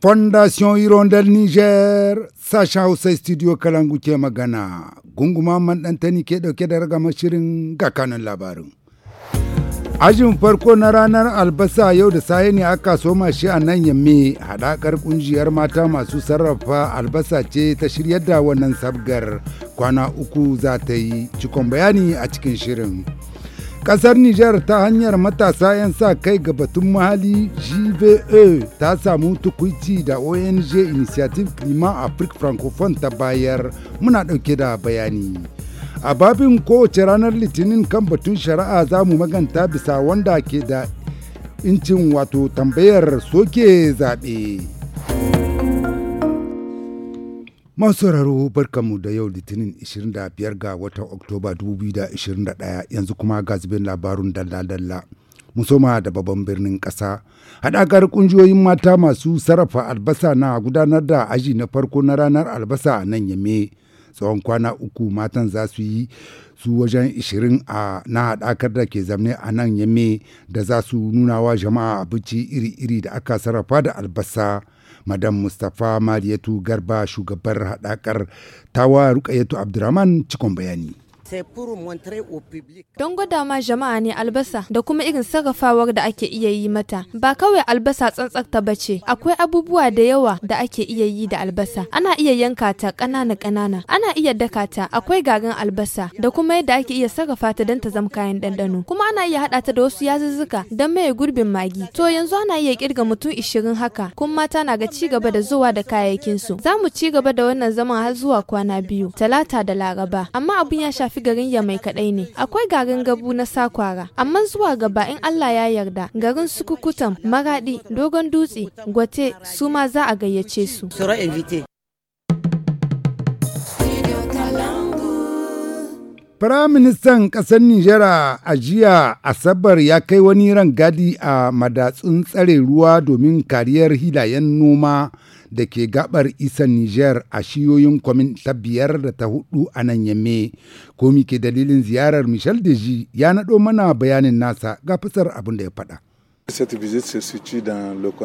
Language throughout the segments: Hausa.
Fondation Hirondel Niger sashen Hausa Studio Kalangu ke magana gunguma man tani ke ɗauke da ragama shirin ga kanun labarin. Ajin farko na ranar albasa yau da saye ne aka soma shi a nan yamme haɗakar ƙungiyar mata masu sarrafa albasa ce ta shiryar da wannan sabgar kwana uku za ta yi cikon bayani a cikin shirin. Ƙasar Nijar ta hanyar matasa 'yan sa kai ga batun mahali GVE ta samu tukuici da ONG Initiative Climat Afrique Francophone ta bayar muna ɗauke da bayani. A babin kowace ranar litinin kan batun shari'a za mu maganta bisa wanda ke da incin wato tambayar soke zaɓe. sauraro barkanmu da yau litinin 25 ga watan oktoba 2021 yanzu kuma ga zubin labarun dalla-dalla musoma da babban birnin ƙasa haɗakar ƙungiyoyin mata masu sarrafa albasa na gudanar da aji na farko na ranar albasa a nan yame tsawon kwana uku matan za su yi su wajen 20 a na haɗakar da ke zamne a nan yame da za su nuna wa jama'a abinci iri-iri da aka sarrafa da albasa. madam mustapha mariyatu garba shugabar Hadakar tawa rukayatu abdurrahman cikon bayani Don gwada ma jama'a ne albasa da kuma irin sarrafawar da ake iya yi mata. Ba kawai albasa tsantsarta ba ce, akwai abubuwa da yawa da ake iya yi da albasa. Ana iya yanka ta ƙanana-ƙanana, ana iya daka ta, akwai garin albasa da kuma yadda ake iya sarrafa ta don ta zama kayan ɗanɗano. Kuma ana iya haɗa ta da wasu yazuzzuka don maye gurbin magi. To yanzu ana iya ƙirga mutum ishirin haka, kuma mata na ga ci gaba da zuwa da kayayyakinsu. Za mu ci gaba da wannan zaman har zuwa kwana biyu, talata da laraba. Amma abin ya shafi shafi garin Yamai kaɗai ne. Akwai garin Gabu na Sakwara, amma zuwa gaba in Allah ya yarda garin sukukutan Maradi, Dogon Dutse, Gwate su ma za a gayyace su. Firaministan ƙasar Nijera a jiya Asabar ya kai wani rangadi a madatsun tsare ruwa domin kariyar hilayen noma da ke gabar isan Niger a shiyoyin kwamin ta biyar da ta hudu a nan yamme. Komi ke dalilin ziyarar Michel Deji ya naɗo mana bayanin nasa ga fasar abin da ya faɗa.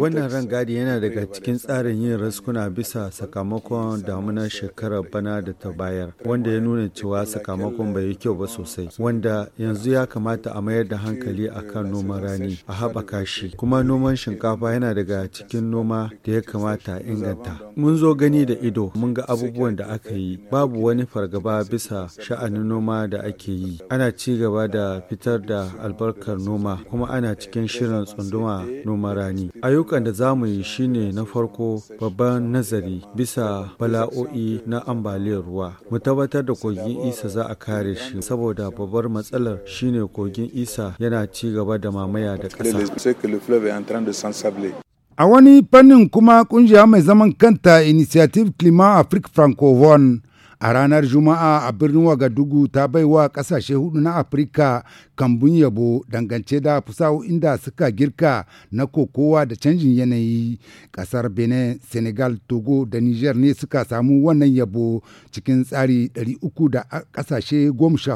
Wannan rangadi yana daga cikin tsarin yin raskuna bisa sakamakon damunar shekarar bana da ta bayar, wanda ya nuna cewa sakamakon bai yi kyau ba sosai, wanda yanzu ya kamata a mayar da hankali a kan noman rani a haɓaka shi, kuma noman shinkafa yana daga cikin noma da ya kamata inganta. Mun zo gani da ido, mun ga abubuwan da aka yi, babu wani fargaba bisa sha'anin noma da ake yi. Ana ci gaba da fitar da albarkar noma, kuma ana cikin shirin tsunduma noman rani. Ayyukan da za mu yi shine na farko babban nazari bisa bala'o'i na ambaliyar ruwa. Mu tabbatar da kogin isa za a kare shi saboda babbar matsalar shine kogin isa yana ci gaba da mamaya da ƙasa. A wani fannin kuma kungiya mai zaman kanta Initiative Climat Afrique Francophone a ranar juma'a a birnin wagadugu ta bai wa kasashe hudu na afirka kambun yabo dangance da fusawo inda suka girka na kokowa da canjin yanayi kasar benin senegal togo da niger ne suka samu wannan yabo cikin tsari 300 da kasashe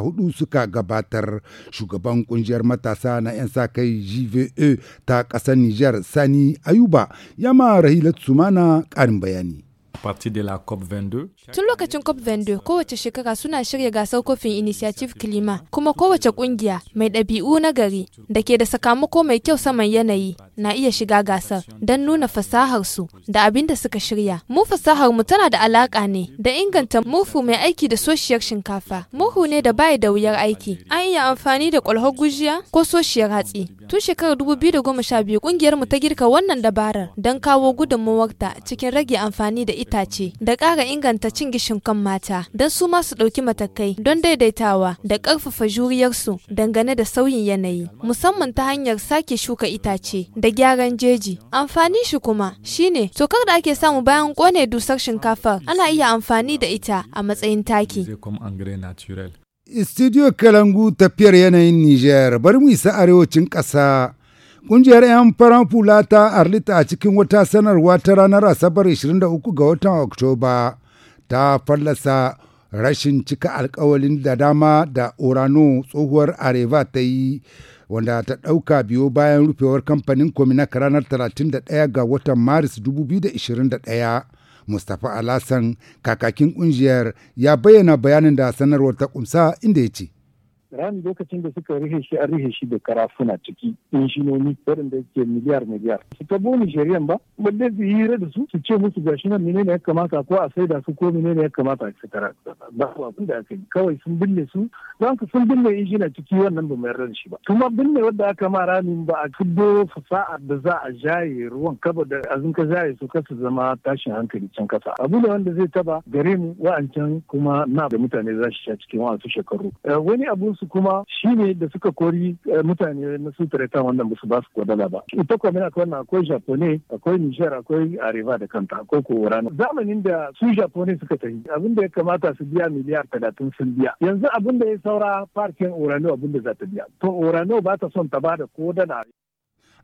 hudu suka gabatar shugaban kungiyar matasa na 'yan sakai kai e ta kasar niger sani ayuba yama rahilat sumana karin bayani Tun lokacin COP22 kowace shekara suna shirya gasar kofin Initiative Klima kuma kowace kungiya mai ɗabi'u na gari da ke da sakamako mai kyau saman yanayi na iya shiga gasar don nuna fasaharsu da abin da suka shirya. Mu fasahar mu tana da alaƙa ne da inganta murhu mai aiki da soshiyar shinkafa. Murhu ne da bai da wuyar aiki. An iya amfani da kwalhar gujiya ko soshiyar hatsi. Tun shekarar dubu da 2012 kungiyar mu ta girka wannan dabarar don kawo gudunmawarta cikin rage amfani da itace da ƙara inganta cin gishin kan mata don su ma su ɗauki matakai don daidaitawa da ƙarfafa juriyarsu dangane da sauyin yanayi musamman ta hanyar sake shuka itace da gyaran jeji. Amfani shi kuma shine tokar da ake samu bayan kone dusar shinkafar ana iya amfani da ita a matsayin taki. Studio Kalangu tafiyar yanayin Nijar bari mu isa arewacin ƙasa. Ƙungiyar 'yan farar fula ta Arlita a cikin wata sanarwa ta ranar Asabar 23 ga watan Oktoba ta fallasa rashin cika alkawalin da dama da Orano tsohuwar Areva ta yi wanda ta ɗauka biyo bayan rufewar kamfanin Kominak ranar 31 ga watan Maris 2021. Mustapha Alhassan, kakakin kungiyar ya bayyana bayanin da sanarwar ta kumsa inda ya ce. rami lokacin da suka rihe shi a rihe shi da karafuna ciki injinoni waɗanda ke miliyar miliyar su ta boni shari'an ba balle su yi da su su ce musu gashi nan menene ya kamata ko a saida su ko menene ya kamata su tara ba abin da aka yi kawai sun binne su don ka sun binne injina ciki wannan ba mai yarda shi ba kuma binne wanda aka ma ramin ba a fiddo fasa'ar da za a jaye ruwan kaba da azin ka jaye su kasa zama tashin hankali can kasa abu ne wanda zai taba gare mu wa'ancan kuma na da mutane za su sha cikin wa'ansu shekaru eh, wani abun su kuma ne da suka kori eh, mutane na su tarata wannan ba su ba su kwadala ba ita kwamin akwai na akwai japone akwai nijar akwai arewa da kanta akwai kowarana zamanin da su japone suka tafi abin da ya kamata su biya miliyar talatin sun biya yanzu abin da ya saura farkin orano abin da za ta biya to orano ba ta son ta ba da kodala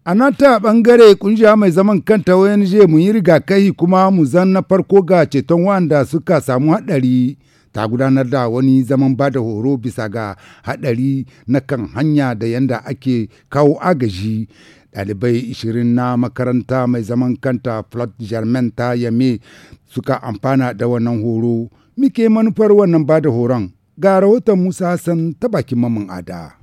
A nan ta ɓangare kungiya mai zaman kanta ONG mu yi rigakahi kuma mu zan na farko ga ceton wanda suka samu haɗari ta gudanar da wani zaman ba da horo bisa ga haɗari na kan hanya da yanda ake kawo agaji ɗalibai ishirin na makaranta mai zaman kanta flot germain ta yame suka amfana da wannan horo muke manufar wannan ba da horon ga rahoton musa san ta bakin mamin ada.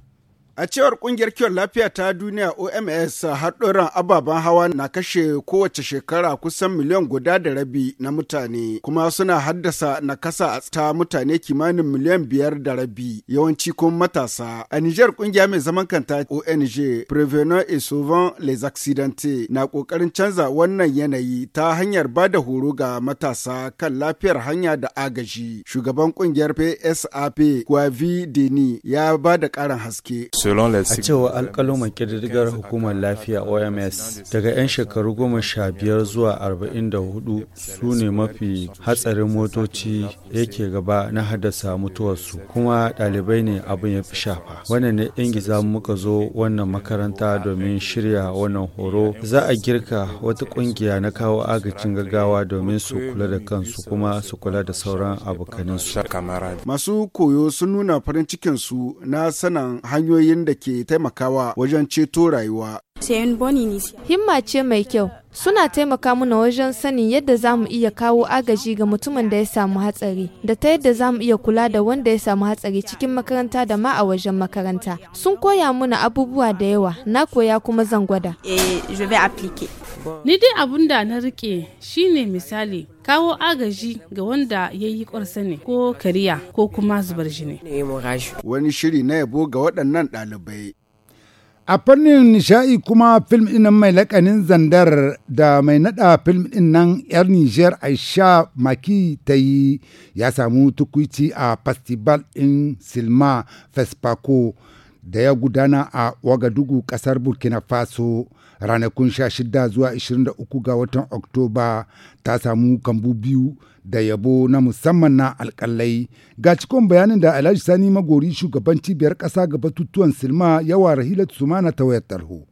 A cewar kungiyar kiwon lafiya ta duniya OMS haɗuran ababen hawa na kashe kowace shekara kusan miliyan guda da rabi na mutane kuma suna haddasa nakasa ta mutane kimanin miliyan biyar da rabi yawanci kuma matasa. A Nijar kungiya mai zaman kanta ONG Prevenant et Souvent les Accidentes na ƙoƙarin canza wannan yanayi ta hanyar ba da horo ga matasa kan lafiyar hanya da agaji. Shugaban kungiyar PSAP Kwavi Deni ya ba da ƙarin haske. A cewa alƙaluman ƙididdigar hukumar lafiya OMS daga 'yan shekaru goma sha biyar zuwa arba'in da hudu su ne mafi hatsarin motoci yake gaba na haddasa mutuwarsu kuma ɗalibai ne abin ya fi shafa. Wannan ne ingiza muka zo wannan makaranta domin shirya wannan horo. Za a girka wata ƙungiya na kawo agajin gaggawa domin su kula da kansu kuma su kula da sauran abokanansu. Masu koyo sun nuna farin cikinsu na sanan hanyoyin abin da ke taimakawa wajen ceto rayuwa. Himma ce mai kyau. suna taimaka mana wajen sanin yadda za mu iya kawo agaji ga mutumin da ya samu hatsari da ta yadda za mu iya kula da wanda ya samu hatsari cikin makaranta da ma a wajen makaranta sun koya mana abubuwa da yawa na koya kuma zan gwada eh, ni dai abun da na rike shine misali kawo agaji ga wanda ya yi ne ko kariya ko kuma zubar jini. Wani shiri na yabo ga waɗannan ɗalibai a fannin nishaɗi kuma fim ɗin mai laƙanin zandar da mai naɗa fim ɗin nan 'yar niger aisha maki ta yi ya samu tukuici a festival ɗin silma fespaco da ya gudana a wagadugu ƙasar burkina faso ranakun 16 zuwa 23 ga watan oktoba ta samu kambu biyu da yabo na musamman na alƙalai ga cikon bayanin da alhaji sani magori shugaban cibiyar ƙasa ga batutuwan silma yawa rahilat sumana ta wayar tarho.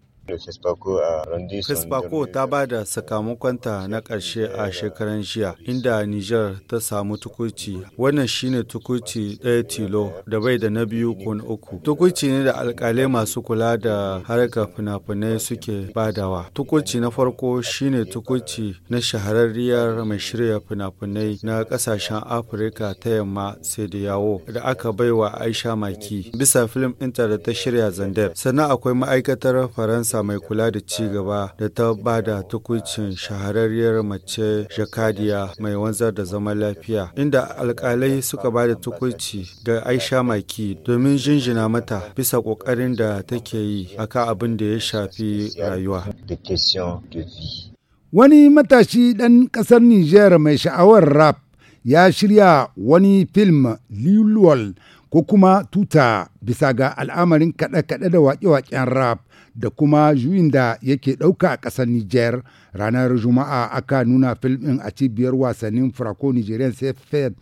Fesfako ta ba da sakamakonta na ƙarshe a shekaran jiya inda Nijar ta samu tukuci. Wannan shine tukuci ɗaya tilo da bai da na biyu ko na uku. Tukuci ne da alkali masu kula da harkar fina-finai suke badawa. Tukuci na farko shine tukuci na shahararriyar mai shirya fina-finai na ƙasashen Afirka ta yamma Sediyawo da aka baiwa Aisha Maki bisa fim ɗinta da ta shirya Zandar. Sannan akwai ma'aikatar Faransa majalisa mai kula da ci gaba da ta ba da tukuncin shahararriyar mace jakadiya mai wanzar da zaman lafiya inda alkalai suka ba da tukunci ga aisha maki domin jinjina mata bisa ƙoƙarin da take yi a kan abin da ya shafi rayuwa wani matashi ɗan ƙasar niger mai sha'awar rap ya shirya wani film lilwal ko kuma tuta bisa ga al'amarin kaɗe-kaɗe da waƙe-waƙen rap da kuma juyin da yake ɗauka a ƙasar Nijar ranar Juma'a aka nuna fil ɗin a cibiyar wasannin Franco Nigerian Sefed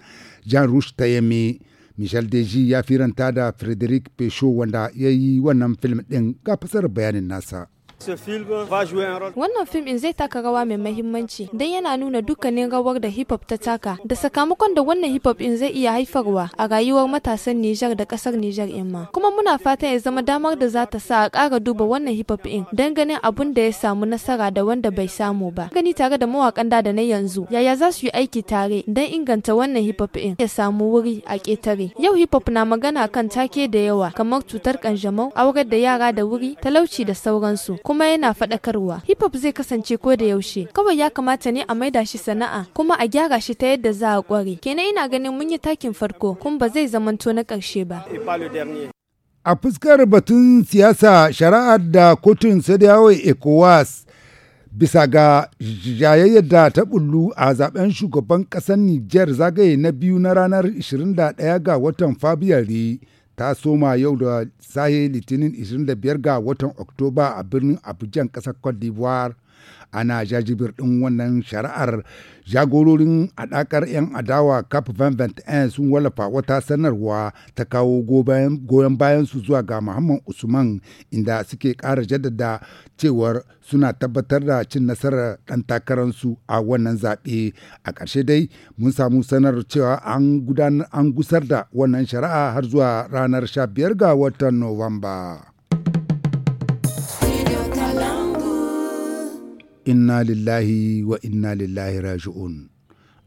jan rush ta yame. Michel Deji ya firanta da Frederic Pecho wanda ya yi wannan fim ɗin ga fasar bayanin nasa. Wannan fim in zai taka rawa mai mahimmanci don yana nuna dukkanin rawar da hip hop ta taka da sakamakon da wannan hip hop in zai iya haifarwa a rayuwar matasan Nijar da kasar Nijar in ma. Kuma muna fatan ya zama damar da za ta sa a ƙara duba wannan hip hop in don ganin abun da ya samu nasara da wanda bai samu ba. Gani tare da mawakan da na yanzu yaya za su yi aiki tare don inganta wannan hip hop in ya samu wuri a ƙetare. Yau hip hop na magana kan take da yawa kamar cutar kanjamau, aurar da yara da wuri, talauci da sauransu. kuma yana faɗakarwa. Hip hop zai kasance ko da yaushe. Kawai ya kamata ne a maida shi sana'a kuma a gyara shi ta yadda za a kware. Kenan ina ganin mun yi takin farko kuma ba zai zamanto na ƙarshe ba. Eh, a fuskar batun siyasa shari'ar da kotun Sadiyawa ECOWAS bisa ga jayayyar da ta bullu a zaben shugaban ƙasar Nijar zagaye na biyu na ranar 21 ga watan Fabiyari ta soma yau da sahe litinin 25 ga watan oktoba a birnin abidjan ƙasar cote d'ivoire ana jajibir din wannan shari'ar jagororin adakar 'yan adawa cap 2021 sun wallafa wata sanarwa ta kawo goyon bayan su zuwa ga muhammad usman inda suke ƙara jaddada cewar suna tabbatar da cin nasarar ɗan takararsu a wannan zaɓe a ƙarshe dai mun samu sanar cewa an gusar da wannan shari'a har zuwa ranar 15 ga watan nowamba. inna lillahi wa inna lillahi raji'un.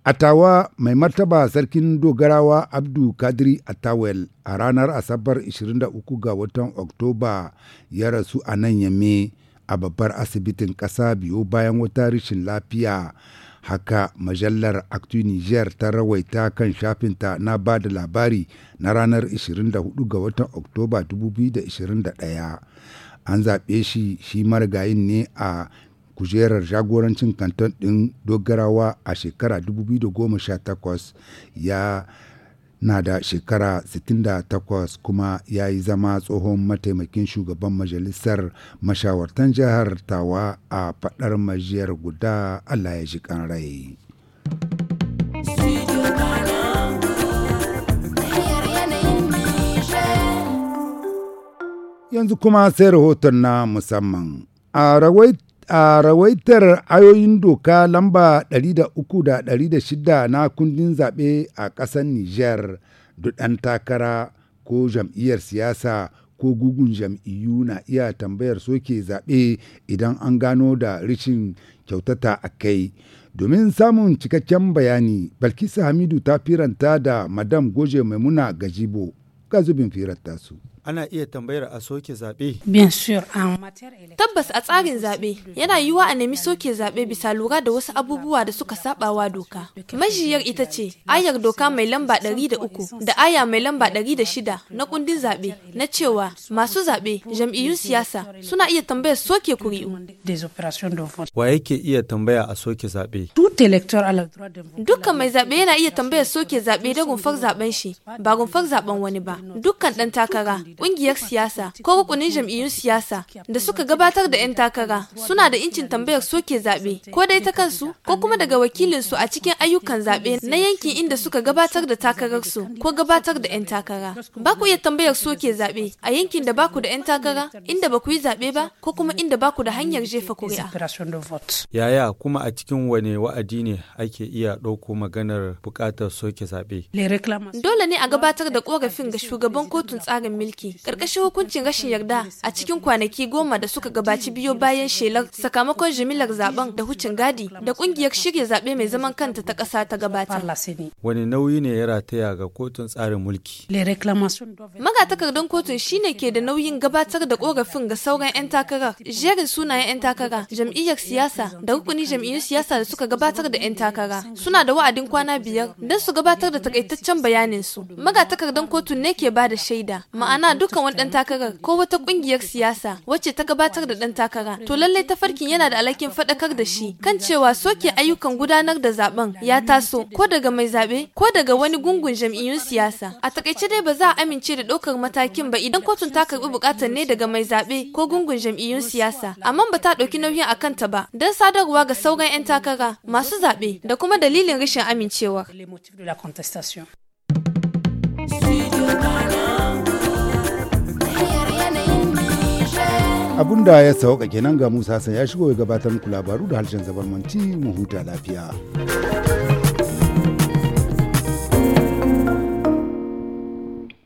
Atawa mai martaba sarkin dogarawa Abdu Kadri Atawel a ranar Asabar 23 ga watan Oktoba ya rasu a nan yame a babbar asibitin ƙasa biyo bayan wata rashin lafiya. haka majallar actu niger ta rawaita kan shafinta na ba da labari na ranar 24 ga watan oktoba 2021 an zaɓe shi shi marigayin ne a kujerar jagorancin kanton ɗin dogarawa a shekara 2018 ya na da shekara 68 kuma ya yi zama tsohon mataimakin shugaban majalisar mashawartan jihar tawa a fadar majiyar guda allah ya ji rai. yanzu kuma sai rahoton na musamman a rawait a rawaitar ayoyin doka lamba 300 da 600 na kundin zaɓe a ƙasar Nijar ɗan takara ko jam'iyyar siyasa ko gugun jam'iyyu na iya tambayar soke zaɓe idan an gano da rishin kyautata a kai. Domin samun cikakken bayani, Balkisa Hamidu ta firanta da Madam Goje Maimuna Gajibo, ga zubin firar tasu. ana iya tambayar a soke zaɓe? Tabbas a tsarin zaɓe yana yiwuwa a nemi soke zaɓe bisa lura da wasu abubuwa da suka saɓawa doka. Majiyar ita ce ayar doka mai lamba ɗari da uku da aya mai lamba ɗari da shida na kundin zaɓe na cewa masu zaɓe jam'iyyun siyasa suna iya tambayar soke kuri'u. Wa yake iya tambaya a soke zaɓe? Dukkan mai zaɓe yana iya tambayar soke zaɓe da rumfar zaɓen shi ba rumfar zaɓen wani ba. Dukkan ɗan takara ƙungiyar siyasa ko rukunin jam'iyyun siyasa da suka gabatar da 'yan takara suna da incin tambayar soke zaɓe ko dai ta kansu ko kuma daga wakilinsu a cikin ayyukan zaɓe na yankin inda suka gabatar da takararsu ko gabatar da 'yan takara. Ba ku iya tambayar soke zaɓe a yankin da ba ku da 'yan takara inda ba ku yi zaɓe ba ko kuma inda ba ku da hanyar jefa kuri'a. Yaya kuma a cikin wane wa'adi ne ake iya ɗauko maganar buƙatar soke zaɓe? Dole ne a gabatar da ƙorafin ga shugaban kotun tsarin mulki aiki ƙarƙashin hukuncin rashin yarda a cikin kwanaki goma da suka gabaci biyo bayan shelar sakamakon jimilar zaben da hucin gadi da ƙungiyar shirya zaɓe mai zaman kanta ta ƙasa ta gabata. Wani nauyi ne ya rataya ga kotun tsarin mulki? Magatakardar kotun shine ke da nauyin gabatar da ƙorafin ga sauran 'yan takarar, jerin sunayen 'yan takara, jam'iyyar siyasa da rukuni jam'iyyun siyasa da suka gabatar da 'yan takara. Suna da wa'adin kwana biyar don su gabatar da takaitaccen bayanin su. Magatakardar kotun ne ke ba da shaida, ma'ana dukkan wani dan takara ko wata kungiyar siyasa wacce ta gabatar da dan takara to lallai tafarkin yana da alhakin faɗakar da shi kan cewa soke ayyukan gudanar da zaben ya taso ko daga mai zaɓe ko daga wani gungun jam'iyyun siyasa a takaice dai ba za a amince da ɗaukar matakin ba idan kotun ta karɓi bukatar ne daga mai zaɓe ko gungun jam'iyyun siyasa amma ba ta ɗauki nauyin akanta ta ba don sadarwa ga sauran 'yan takara masu zaɓe da kuma dalilin rashin amincewar. abun da ya sauka kenan ga musa san ya shigo ya gabatar muku labaru da harshen zabarmanci mu huta lafiya